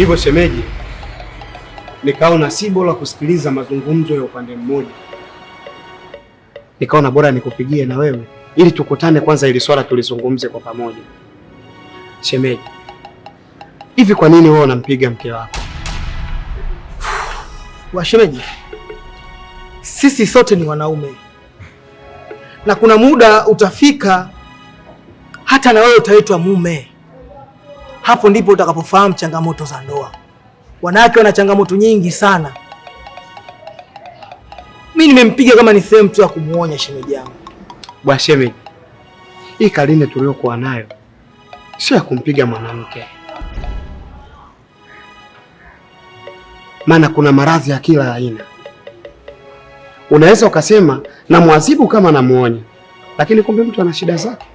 Hivyo shemeji, nikaona si bora kusikiliza mazungumzo ya upande mmoja, nikaona bora nikupigie na wewe ili tukutane kwanza, ili swala tulizungumze kwa pamoja. Shemeji, hivi kwa nini wewe unampiga mke wako? Washemeji, sisi sote ni wanaume na kuna muda utafika hata na wewe utaitwa mume hapo ndipo utakapofahamu changamoto za ndoa. Wanawake wana changamoto nyingi sana. Mi nimempiga kama ni sehemu tu ya kumuonya shemeji yangu. Bwa shemeji, hii Karine tuliokuwa nayo sio ya kumpiga mwanamke, maana kuna maradhi ya kila aina. Unaweza ukasema mwazibu kama namuonya, lakini kumbe mtu ana shida zake.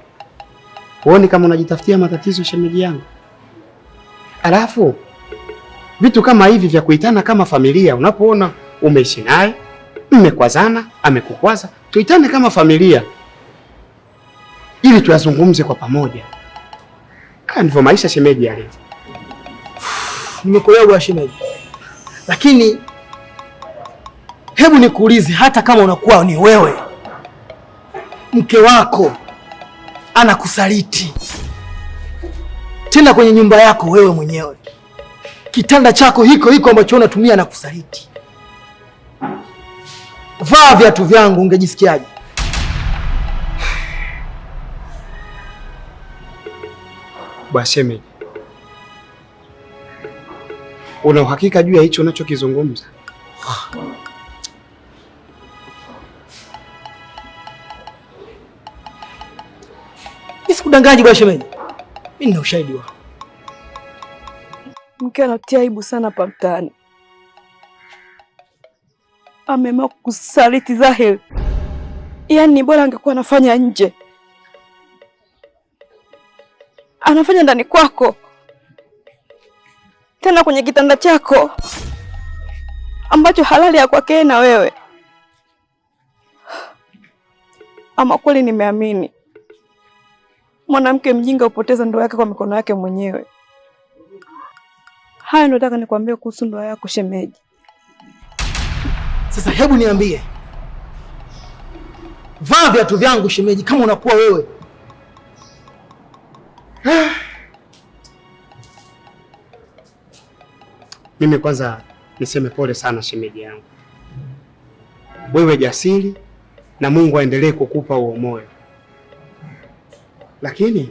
Huoni kama unajitafutia matatizo shemeji yangu? Alafu vitu kama hivi vya kuitana kama familia, unapoona umeishi naye mmekwazana, amekukwaza, tuitane kama familia ili tuyazungumze kwa pamoja. Haya ndivyo maisha shemeji yalivyo. Nimekuelewa shemeji, lakini hebu nikuulize, hata kama unakuwa ni wewe mke wako anakusaliti tena kwenye nyumba yako wewe mwenyewe, kitanda chako hiko hiko ambacho unatumia na kusaliti. Vaa viatu vyangu, ungejisikiaje? Bwana una uhakika juu ya hicho unachokizungumza? Nisikudanganyi bwana shemeji mimi nina ushahidi wako. Mke anatia aibu sana pa mtaani, ameamua kusaliti dhahiri. Yaani ni bora angekuwa anafanya nje, anafanya ndani kwako, tena kwenye kitanda chako ambacho halali ya kwake na wewe. Ama kweli nimeamini. Mwanamke mjinga hupoteza ndoa yake kwa mikono yake mwenyewe. Haya ndio nataka nikwambie kuhusu ndoa yako shemeji. Sasa hebu niambie, vaa viatu vyangu shemeji, kama unakuwa wewe Mimi kwanza niseme pole sana shemeji yangu, wewe jasiri, na Mungu aendelee kukupa huo moyo lakini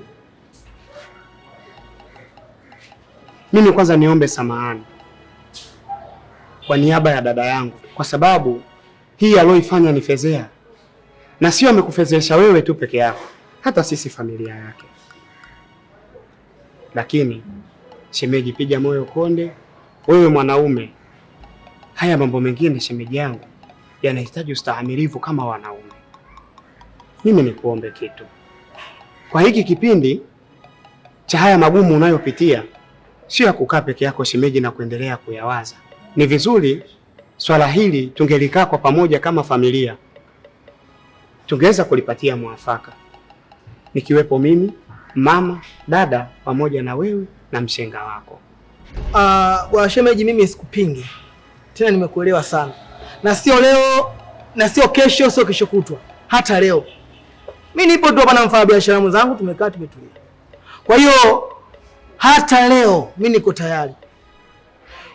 mimi kwanza niombe samahani kwa niaba ya dada yangu, kwa sababu hii aliyoifanya ni fedhea, na sio amekufedhesha wewe tu peke yako, hata sisi familia yake. Lakini shemeji, piga moyo konde, wewe mwanaume. Haya mambo mengine shemeji yangu yanahitaji ustahimilivu kama wanaume. Mimi nikuombe kitu kwa hiki kipindi cha haya magumu unayopitia, sio ya kukaa peke yako shemeji, na kuendelea kuyawaza. Ni vizuri swala hili tungelikaa kwa pamoja kama familia, tungeweza kulipatia mwafaka, nikiwepo mimi, mama, dada, pamoja na wewe na mshenga wako. Uh, bwana shemeji, mimi sikupingi tena, nimekuelewa sana, na sio leo na sio kesho, sio kesho kutwa, hata leo mimi nipo tu hapa na biashara mwenzangu, tumekaa tumetulia. Kwa hiyo hata leo mimi niko tayari,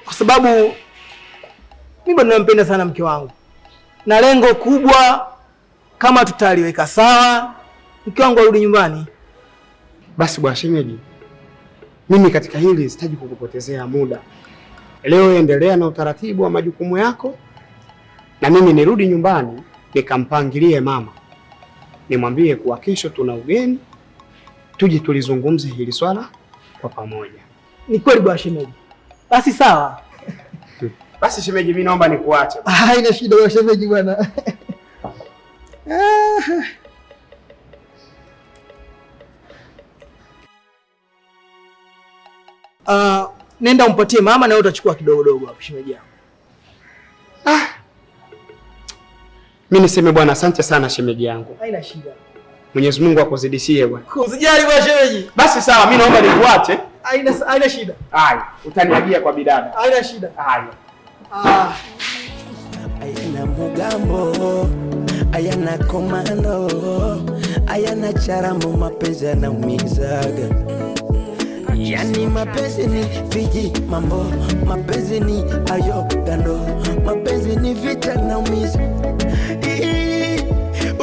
kwa sababu mimi bado nampenda sana mke wangu, na lengo kubwa kama tutaliweka sawa, mke wangu arudi nyumbani. Basi bwana shemeji, mimi katika hili sitaji kukupotezea muda. Leo endelea na utaratibu wa majukumu yako, na mimi nirudi nyumbani nikampangilie mama nimwambie kuwa kesho tuna ugeni, tuje tulizungumze hili swala kwa pamoja. Ni kweli bwana shemeji. Basi sawa. Basi shemeji, mimi naomba nikuache. Ah, haina shida bwana shemeji bwana. Uh, nenda umpatie mama na wewe utachukua kidogo dogo hapo shemeji yangu. Ah. Mimi niseme bwana, asante sana shemeji yangu. Haina shida. Mwenyezi Mungu akuzidishie bwana. Usijali bwana shemeji. Basi sawa, mimi naomba nikuache. Haina haina shida. Haya, utaniagia kwa bidada. Haina shida. Haya. Ah. Ayana Mugambo, ayana komando, ayana charamu, mapenzi yanaumizaga. Yani mapenzi ni viji mambo, mapenzi ni ayo gando, mapenzi ni vita na umizi.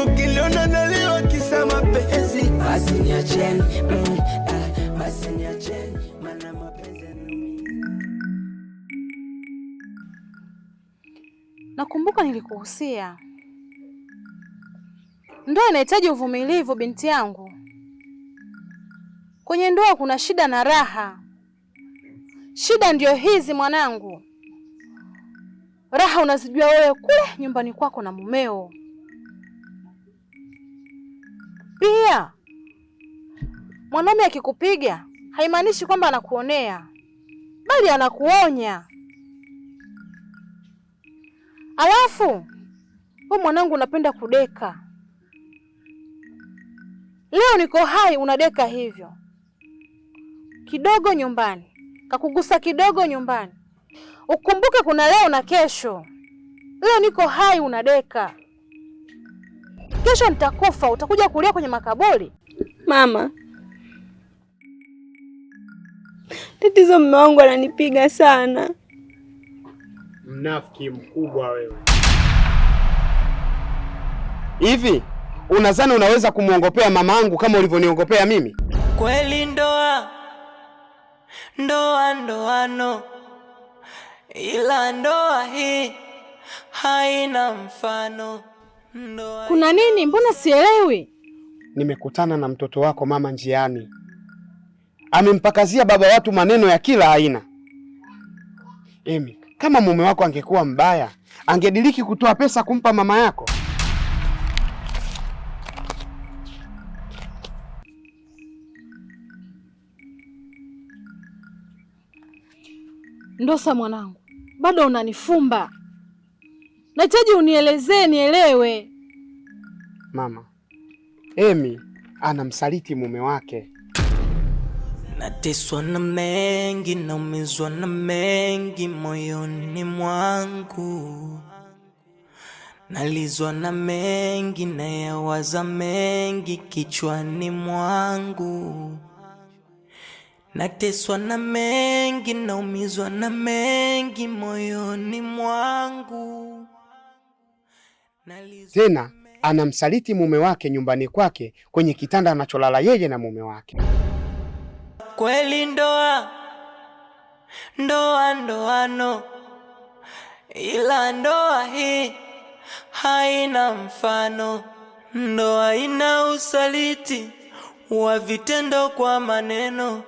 Ukiliona naliwa kisa mapenzi, asiniacheni mm, ah, Nakumbuka nilikuhusia ndoa inahitaji uvumilivu, binti yangu. Kwenye ndoa kuna shida na raha. Shida ndio hizi mwanangu, raha unazijua wewe kule nyumbani kwako na mumeo. Pia mwanaume akikupiga haimaanishi kwamba anakuonea, bali anakuonya. Alafu wewe mwanangu unapenda kudeka. Leo niko hai, unadeka hivyo kidogo nyumbani, kakugusa kidogo nyumbani. Ukumbuke kuna leo na kesho. Leo niko hai unadeka, kesho nitakufa, utakuja kulia kwenye makaburi. Mama tatizo, mume wangu ananipiga sana. Mnafiki mkubwa wewe! Hivi unazani unaweza kumwongopea mamangu kama ulivyoniongopea mimi? Kweli ndoa ndoa ndoano, ila ndoa hii haina mfano. Ndoa kuna nini? Mbona sielewi? Nimekutana na mtoto wako mama njiani, amempakazia baba watu maneno ya kila aina. Emi, kama mume wako angekuwa mbaya, angediriki kutoa pesa kumpa mama yako? Ndosa mwanangu, bado unanifumba. Nahitaji unielezee nielewe. Mama, Emi anamsaliti mume wake. Nateswa na mengi, naumizwa na mengi moyoni mwangu, nalizwa na mengi, nayawaza mengi kichwani mwangu Nateswa na mengi, naumizwa na mengi moyoni mwangu. Tena anamsaliti mume wake nyumbani kwake kwenye kitanda anacholala yeye na mume wake. Kweli ndoa ndoa ndoano, ila ndoa hii haina mfano. Ndoa ina usaliti wa vitendo kwa maneno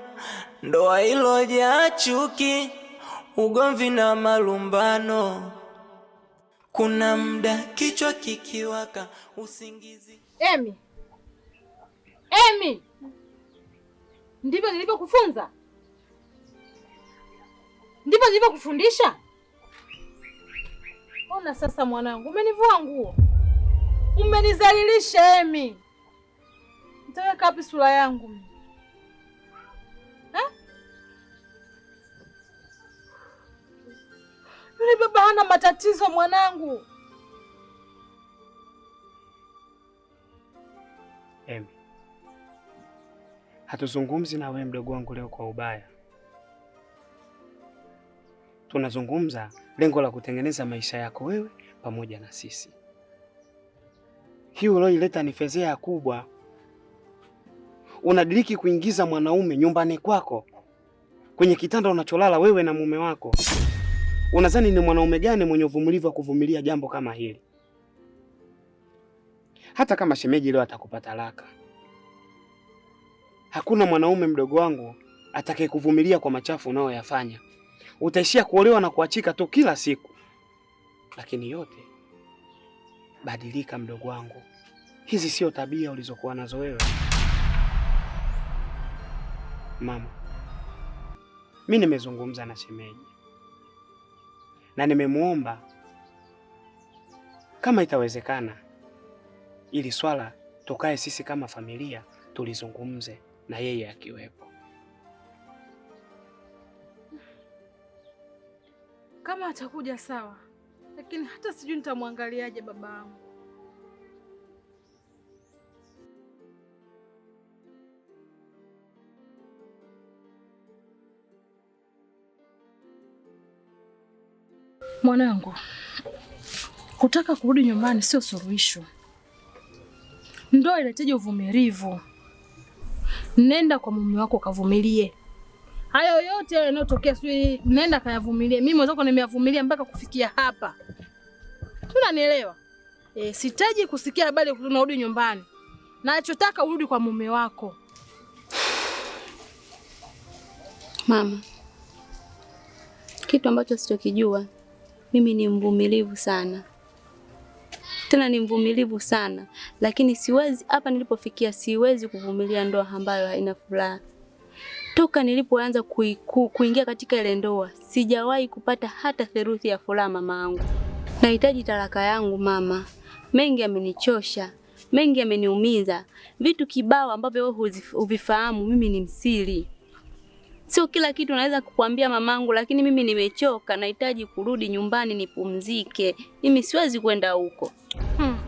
ndoa ilojaa chuki, ugomvi na malumbano, kuna muda kichwa kikiwaka, usingizi. Emi, Emi, ndivyo nilivyokufunza, ndivyo nilivyokufundisha. Ona sasa, mwanangu, umenivua nguo, umenizalilisha. Emi, nitaweka wapi sura yangu? Yule baba hana matatizo mwanangu. Emi, hatuzungumzi na wewe mdogo wangu leo kwa ubaya, tunazungumza lengo la kutengeneza maisha yako wewe pamoja na sisi. Hii ulioileta ni fedheha kubwa. Unadiriki kuingiza mwanaume nyumbani kwako kwenye kitanda unacholala wewe na mume wako. Unadhani ni mwanaume gani mwenye uvumilivu wa kuvumilia jambo kama hili? Hata kama shemeji leo atakupa talaka, hakuna mwanaume mdogo wangu atakayekuvumilia kwa machafu unayoyafanya. Utaishia kuolewa na kuachika tu kila siku. Lakini yote, badilika mdogo wangu, hizi sio tabia ulizokuwa nazo wewe. Mama, mimi nimezungumza na shemeji na nimemwomba kama itawezekana, ili swala tukae sisi kama familia tulizungumze na yeye akiwepo. Kama atakuja sawa, lakini hata sijui nitamwangaliaje babaangu Mwanangu, kutaka kurudi nyumbani sio suluhisho. Ndoa inahitaji uvumilivu. Nenda kwa mume wako ukavumilie hayo yote yanayotokea, sijui nenda kayavumilie. Mimi mwenzako nimeyavumilia mpaka kufikia hapa, tunanielewa? E, sitaji kusikia habari unarudi nyumbani. Nachotaka urudi kwa mume wako. Mama, kitu ambacho sitokijua mimi ni mvumilivu sana, tena ni mvumilivu sana, lakini siwezi, hapa nilipofikia, siwezi kuvumilia ndoa ambayo haina furaha. Toka nilipoanza kuingia katika ile ndoa sijawahi kupata hata theruthi ya furaha. Mama yangu, nahitaji talaka yangu mama. Mengi amenichosha, mengi ameniumiza, vitu kibao ambavyo wewe huvifahamu. Mimi ni msiri Sio kila kitu naweza kukwambia mamangu, lakini mimi nimechoka, nahitaji kurudi nyumbani nipumzike. Mimi siwezi kwenda huko. Hmm.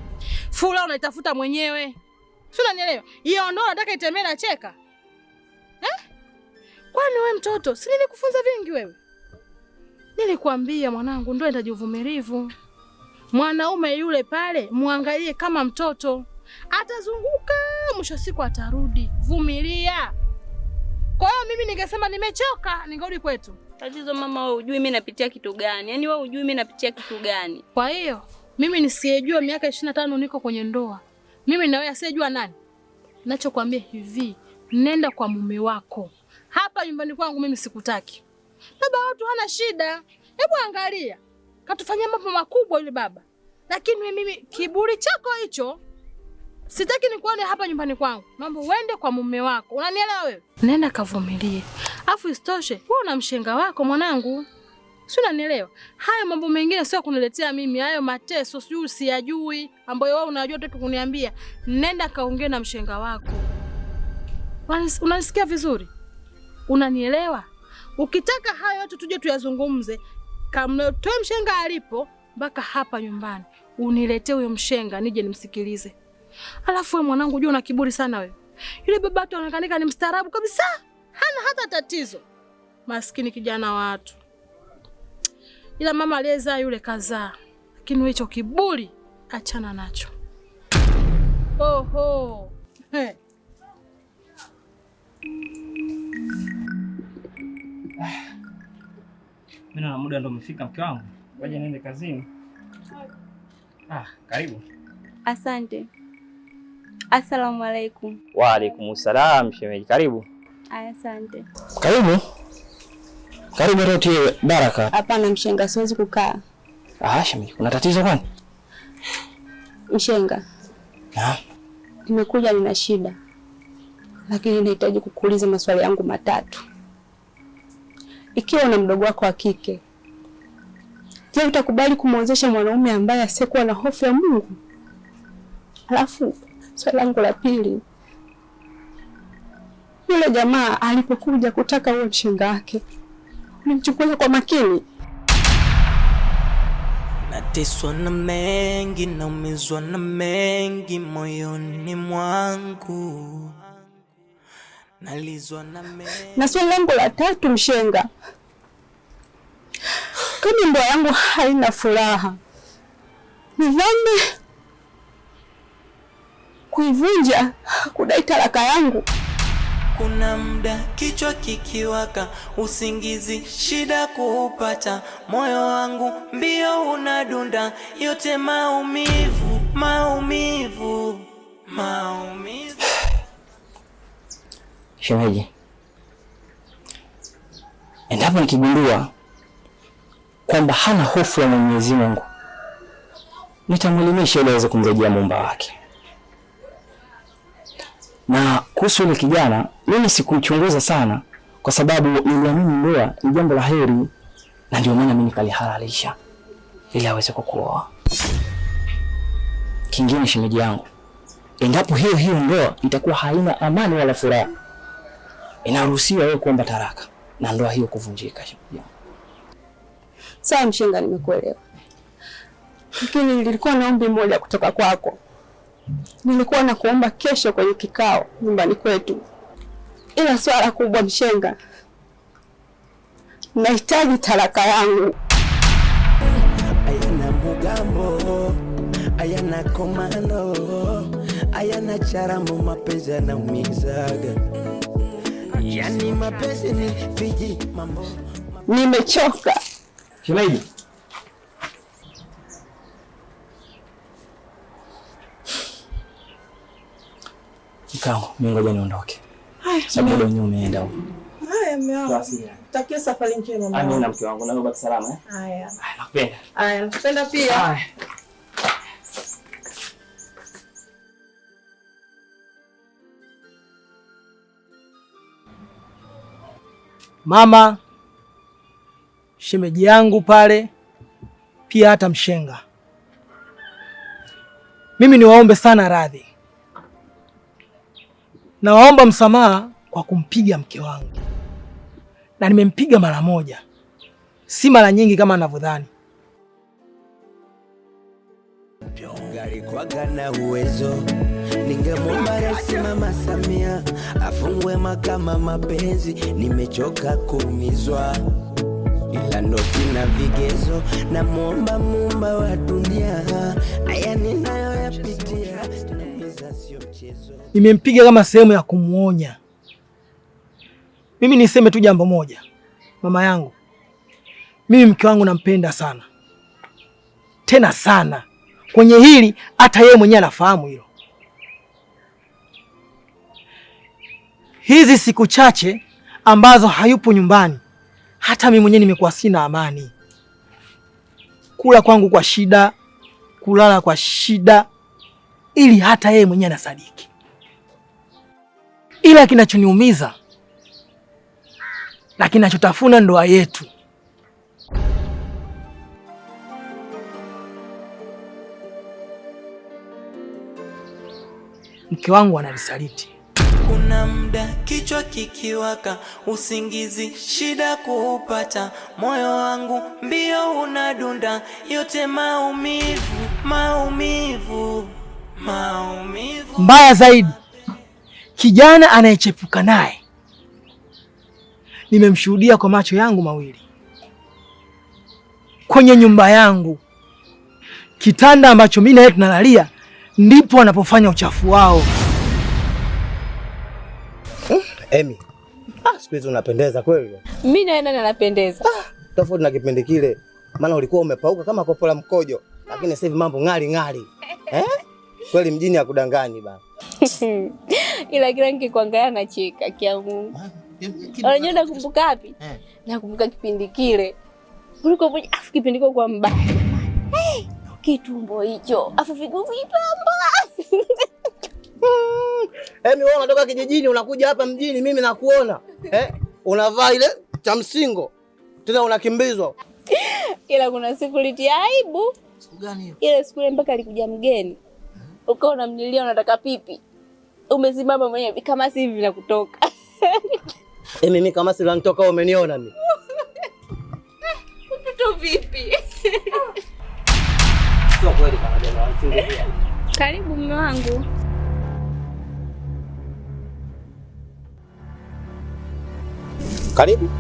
Fula unaitafuta mwenyewe, si unanielewa? Hiyo ndo nataka itemee na cheka eh? Kwani we mtoto, si nilikufunza vingi wewe? Nilikwambia mwanangu, ndio endaje uvumilivu. Mwanaume yule pale mwangalie kama mtoto, atazunguka mwisho siku atarudi. Vumilia. Kwa hiyo mimi ningesema nimechoka, ningerudi kwetu. Tatizo mama, wewe hujui mimi napitia kitu gani? Yaani wewe hujui mimi napitia kitu gani? Kwa hiyo mimi nisiyejua miaka ishirini na tano niko kwenye ndoa, mimi na wewe asiyejua nani? Nachokwambia hivi, nenda kwa mume wako. Hapa nyumbani kwangu mimi sikutaki. Baba watu hana shida, hebu angalia, katufanyia mambo makubwa yule baba, lakini mimi kiburi chako hicho Sitaki nikuone hapa nyumbani kwangu. naomba uende kwa mume wako. Unanielewa wewe? Nenda kavumilie. Afu isitoshe, wewe una mshenga wako mwanangu. Si unanielewa? Hayo mambo mengine sio kuniletea mimi. Hayo mateso sijui usiyajui, ambayo wewe unajua tu kuniambia. Nenda kaongee na mshenga wako. Unanisikia vizuri? Unanielewa? Ukitaka hayo yote tuje tuyazungumze. Kamtoe mshenga alipo mpaka hapa nyumbani. Uniletee huyo mshenga nije nimsikilize. Alafu wewe mwanangu, unajua una kiburi sana wewe. Yule baba tu anakanika ni mstaarabu kabisa, hana hata tatizo. Maskini kijana watu. Ila mama aliyezaa yule kazaa, lakini hicho kiburi achana nacho. Oho. Hey. Mimi na muda ndo umefika mke wangu. Waje niende kazini. Ah, karibu. Asante. Asalamu alaikum. Wa alaikum salam, shemeji, karibu. Asante. Karibu. Karibu roti Baraka. Hapana mshenga, siwezi kukaa. Ah, shemeji, kuna tatizo kwani? Mshenga. Ah. Nimekuja nina shida. Lakini nahitaji kukuuliza maswali yangu matatu. Ikiwa una mdogo wako wa kike, je, utakubali kumwozesha mwanaume ambaye asiyekuwa na hofu ya Mungu? Alafu Swali langu la pili, yule jamaa alipokuja kutaka huo mshenga wake ulimchukulia kwa makini? Nateswa na mengi, naumizwa na mengi moyoni mwangu, nalizwa na mengi. Na swali langu la tatu, mshenga, kama ndoa yangu haina furaha ni dhambi kuivunja, kudai talaka yangu. Kuna muda kichwa kikiwaka, usingizi shida kuupata, moyo wangu mbio unadunda, yote maumivu, maumivu, maumivu. Shemeji, endapo nikigundua kwamba hana hofu ya Mwenyezi Mungu nitamwelimisha ili aweze kumrejea muumba wake. Na kuhusu yule kijana, mimi sikuchunguza sana, kwa sababu niliamini ndoa ni jambo la heri, na ndio maana mimi nikalihalalisha ili aweze kukuoa. Kingine shemeji yangu, endapo hiyo hiyo ndoa itakuwa haina amani wala furaha, inaruhusiwa wewe kuomba taraka na ndoa hiyo kuvunjika. Shemeji yangu. Sawa mshenga, nimekuelewa, lakini nilikuwa na ombi moja kutoka kwako. Nilikuwa na kuomba kesho kwenye kikao nyumbani kwetu, ila swala kubwa mshenga, nahitaji talaka yangu. Ayana Mugambo, ayana Komando, ayana Charamu, mapenzi yanaumizaga, yani mapenzi ni fiji mambo. Nimechoka Shilaji. Mkao, mimi ngoja niondoke. Sababu leo wenyewe umeenda huko. Haya, mume wangu. Takia safari njema mama. Amina mke wangu, na baki salama eh? Haya. Haya, nakupenda. Haya, nakupenda pia. Haya. Mama, shemeji yangu pale pia hata mshenga. Mimi niwaombe sana radhi Nawaomba msamaha kwa kumpiga mke wangu, na nimempiga mara moja, si mara nyingi kama anavyodhani. Alikuwaga na uwezo, ningemwomba Rais Mama Samia afungwe mahakama mapenzi, nimechoka kuumizwa ila ndo sina vigezo, namwomba muumba wa dunia, haya ninayoyapitia Nimempiga kama sehemu ya kumwonya. Mimi niseme tu jambo moja, mama yangu, mimi mke wangu nampenda sana tena sana. Kwenye hili hata yeye mwenyewe anafahamu hilo. Hizi siku chache ambazo hayupo nyumbani, hata mimi mwenyewe nimekuwa sina amani, kula kwangu kwa shida, kulala kwa shida ili hata yeye mwenyewe anasadiki. Ila kinachoniumiza na kinachotafuna ndoa yetu mke wangu ananisaliti. Kuna muda kichwa kikiwaka, usingizi shida kuupata, moyo wangu mbio unadunda, yote maumivu, maumivu Mbaya zaidi, kijana anayechepuka naye nimemshuhudia kwa macho yangu mawili, kwenye nyumba yangu, kitanda ambacho mimi na yeye tunalalia, ndipo wanapofanya uchafu wao. Emi, hmm, ah, siku hizi unapendeza kweli. Mimi na yeye ninapendeza ah, tofauti na kipindi kile, maana ulikuwa umepauka kama kopo la mkojo, lakini sasa hivi mambo ng'ali ng'ali, eh? Kweli mjini hakudanganyi bana. Ila kila nikikuangalia nacheka kiamu. Ah, Unajua nakumbuka wapi? Eh. Nakumbuka kipindi kile ulikuwa mmoja, afu kipindi kile kwa mbaya. Hey, eh, kitumbo hicho afu viguu vipamba. Hey, eh, wewe unatoka kijijini unakuja hapa mjini, mimi nakuona eh, unavaa ile cha msingo tena unakimbizwa. Ila kuna siku litia aibu. Siku gani hiyo? Ile siku ile mpaka alikuja mgeni ukawa unamlilia unataka pipi, umesimama mwenyewe kama si hivi kutoka. E, mimi kama si lanitoka, umeniona mimi mtoto vipi? Sio kweli karibu mume wangu. Karibu.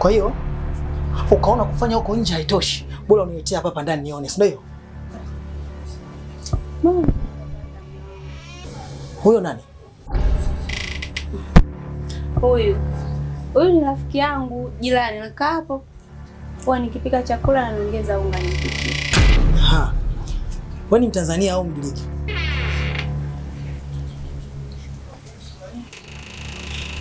Kwa hiyo ukaona kufanya huko nje haitoshi, bora uniletea hapa hapa ndani nione, si ndio? Huyo nani? Huyu huyu ni rafiki yangu jirani, nakaa hapo huwa nikipika chakula na niongeza unga nipikie. Ha. Wewe ni Mtanzania au Mgiriki?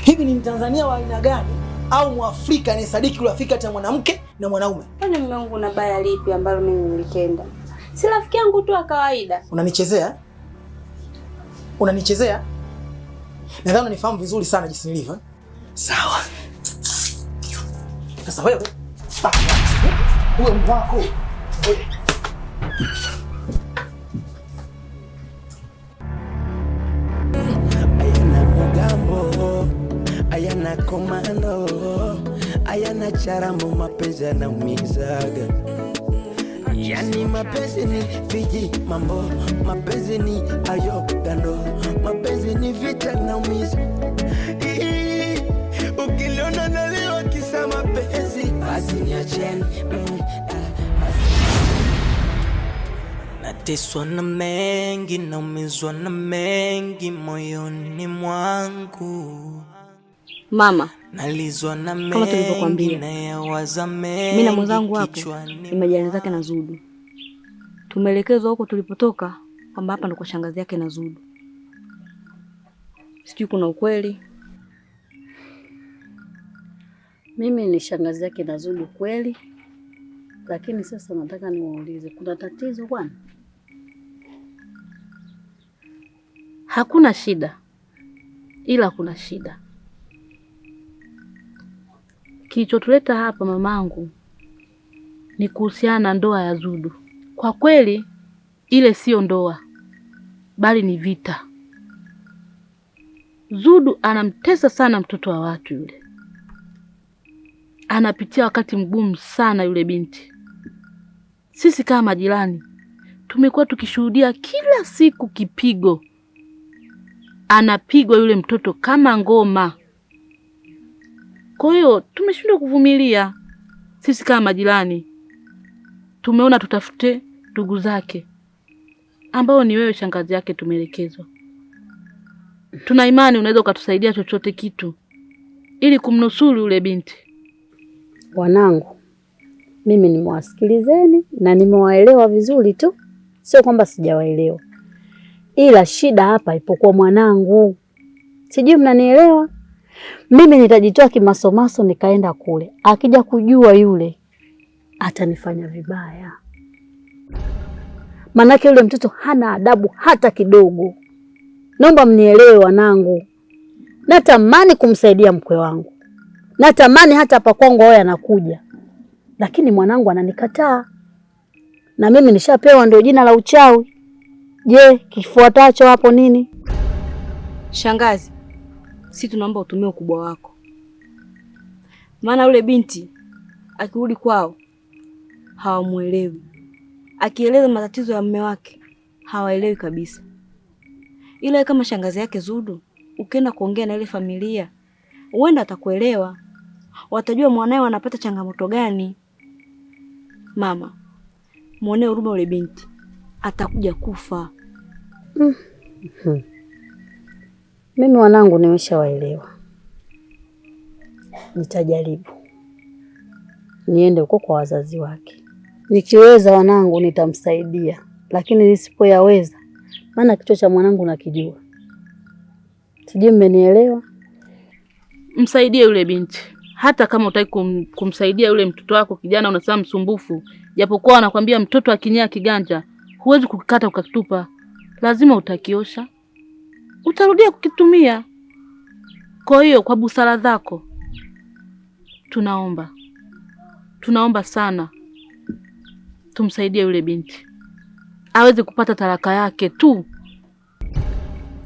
Hivi ni Mtanzania wa aina gani au Mwafrika anayesadiki urafiki kati ya mwanamke na mwanaume. Kwani mume wangu una baya lipi ambalo mimi nilikenda? Si rafiki yangu tu wa kawaida. Unanichezea? Unanichezea? Nadhani unanifahamu vizuri sana jinsi nilivyo. Eh? Sawa. Sasa wewe, uwe mwako. sharamu, mapenzi yanaumizaga. Yani mapenzi ni viji mambo, mapenzi ni ayo gando, mapenzi ni vita naumiza. Ukiliona naliwa kisa mapenzi, basi niacheni Nateswa na mengi, naumizwa na mengi moyoni mwangu. Mama, kama tulivyokwambia, mimi na mwenzangu hapo imejani zake na Zudu, tumeelekezwa huko tulipotoka kwamba hapa ndo kwa shangazi yake na Zudu. Sijui kuna ukweli. Mimi ni shangazi yake na Zudu kweli, lakini sasa nataka niwaulize, kuna tatizo bwana? Hakuna shida, ila kuna shida kilichotuleta hapa mamangu ni kuhusiana na ndoa ya Zudu. Kwa kweli ile siyo ndoa, bali ni vita. Zudu anamtesa sana mtoto wa watu yule, anapitia wakati mgumu sana yule binti. Sisi kama majirani tumekuwa tukishuhudia kila siku kipigo anapigwa yule mtoto kama ngoma. Kwa hiyo tumeshindwa kuvumilia sisi kama majirani, tumeona tutafute ndugu zake ambao ni wewe, shangazi yake. Tumeelekezwa, tuna imani unaweza ukatusaidia chochote kitu ili kumnusuru yule binti. Wanangu, mimi nimewasikilizeni na nimewaelewa vizuri tu, sio kwamba sijawaelewa, ila shida hapa ipokuwa mwanangu. Sijui mnanielewa? Mimi nitajitoa kimasomaso nikaenda kule, akija kujua yule atanifanya vibaya, manake yule mtoto hana adabu hata kidogo. Naomba mnielewe wanangu, natamani kumsaidia mkwe wangu, natamani hata hapa kwangu awe anakuja, lakini mwanangu ananikataa, na mimi nishapewa ndio jina la uchawi. Je, kifuatacho hapo nini, shangazi? si tunaomba utumie ukubwa wako, maana yule binti akirudi kwao hawamwelewi, akieleza matatizo ya mume wake hawaelewi kabisa. Ila kama shangazi yake Zudu, ukienda kuongea na ile familia, huenda atakuelewa, watajua mwanae wanapata changamoto gani. Mama, mwonee huruma yule binti, atakuja kufa. mm. Mimi wanangu nimeshawaelewa, nitajaribu niende huko kwa wazazi wake. Nikiweza wanangu nitamsaidia, lakini nisipoyaweza, maana kichwa cha mwanangu nakijua. Sijui mmenielewa? Msaidie yule binti, hata kama utaki kum, kumsaidia yule mtoto wako kijana, unasema msumbufu, japokuwa wanakwambia mtoto akinyaa kiganja huwezi kukikata ukakitupa, lazima utakiosha utarudia kukitumia. Kwa hiyo kwa busara zako, tunaomba tunaomba sana tumsaidie yule binti aweze kupata talaka yake tu.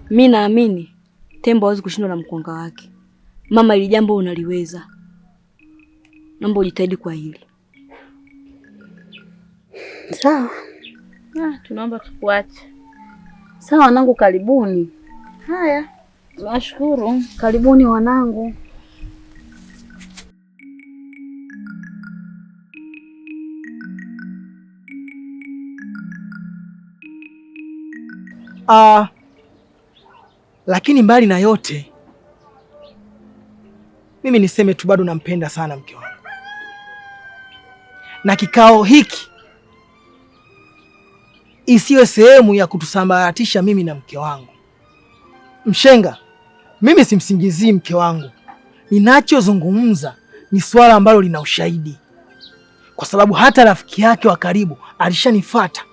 Mi naamini tembo hawezi kushindwa na mkonga wake. Mama, ili jambo unaliweza, naomba ujitahidi kwa hili sawa. Ah, tunaomba tukuache. Sawa wanangu, karibuni. Haya, nashukuru. Karibuni wanangu. Ah, lakini mbali na yote mimi niseme tu bado nampenda sana mke wangu, na kikao hiki isiwe sehemu ya kutusambaratisha mimi na mke wangu. Mshenga, mimi simsingizii mke wangu. Ninachozungumza ni swala ambalo lina ushahidi, kwa sababu hata rafiki yake wa karibu alishanifuata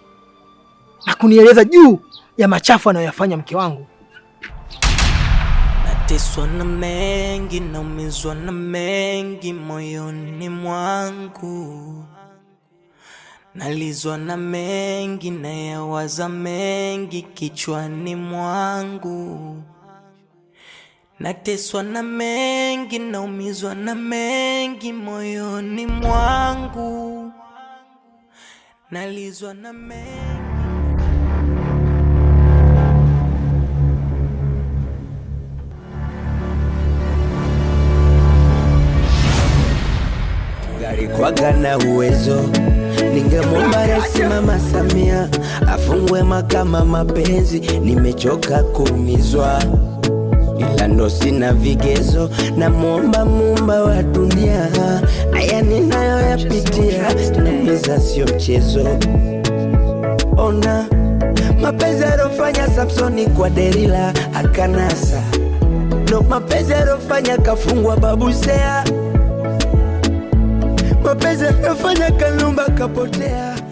na kunieleza juu ya machafu anayoyafanya mke wangu. Nateswa na mengi, naumizwa na mengi moyoni mwangu Nalizwa na mengi na yawaza mengi kichwani mwangu, nateswa na mengi naumizwa na mengi moyoni mwangu, nalizwa na mengi gari kwaga na uwezo Ningemwomba Rais Mama Samia afungue makama mapenzi, nimechoka kuumizwa ila ndo sina vigezo. Namwomba muumba wa dunia, haya ninayoyapitia nameza sio mchezo. Ona mapenzi alofanya Samsoni kwa Delila akanasa, ndo mapenzi alofanya kafungwa Babusea mapenzi yanafanya Kalumba kapotea.